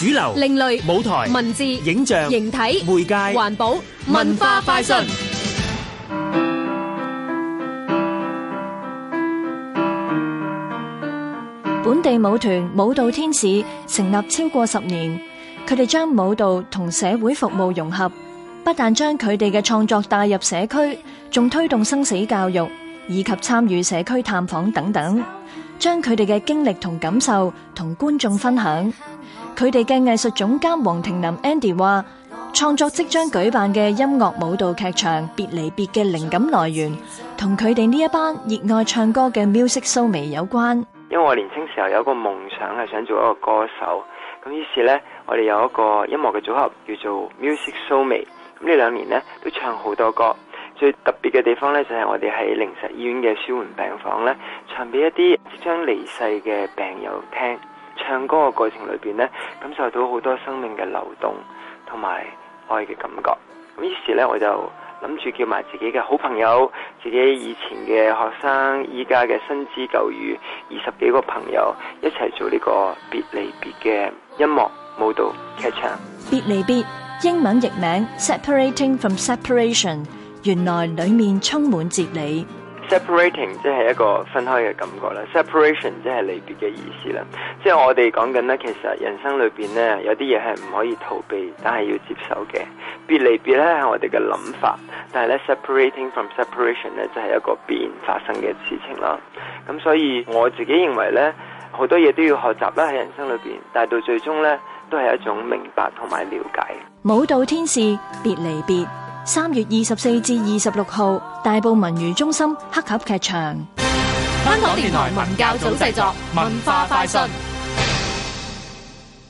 主流、另類舞台、文字、影像、形體、媒介、環保、文化快訊。本地舞團舞蹈天使成立超過十年，佢哋將舞蹈同社會服務融合，不但將佢哋嘅創作帶入社區，仲推動生死教育以及參與社區探訪等等，將佢哋嘅經歷同感受同觀眾分享。佢哋嘅藝術總監黃庭霖 Andy 話，創作即將舉辦嘅音樂舞蹈劇場《別離別》嘅靈感來源，同佢哋呢一班熱愛唱歌嘅 music show 迷有關。因為我年輕時候有一個夢想係想做一個歌手，咁於是呢，我哋有一個音樂嘅組合叫做 music show 迷。咁呢兩年呢，都唱好多歌，最特別嘅地方呢，就係、是、我哋喺靈實醫院嘅舒緩病房呢，唱俾一啲即將離世嘅病友聽。唱歌嘅過程裏邊呢，感受到好多生命嘅流動同埋愛嘅感覺。咁於是呢，我就諗住叫埋自己嘅好朋友、自己以前嘅學生、依家嘅新知舊雨，二十幾個朋友一齊做呢個別離別嘅音樂、舞蹈、劇場。別離別，英文譯名 Separating from Separation，原來裏面充滿哲理。Separating 即係一個分開嘅感覺啦，separation 即係離別嘅意思啦。即係我哋講緊呢，其實人生裏邊呢，有啲嘢係唔可以逃避，但係要接受嘅。別離別呢係我哋嘅諗法，但係呢 separating from separation 呢，就係一個必然發生嘅事情啦。咁所以我自己認為呢，好多嘢都要學習啦，喺人生裏邊，但係到最終呢，都係一種明白同埋了解。舞蹈天使別離別。三月二十四至二十六號，大埔文娛中心黑盒劇場。香港電台文教組製作，文化快訊。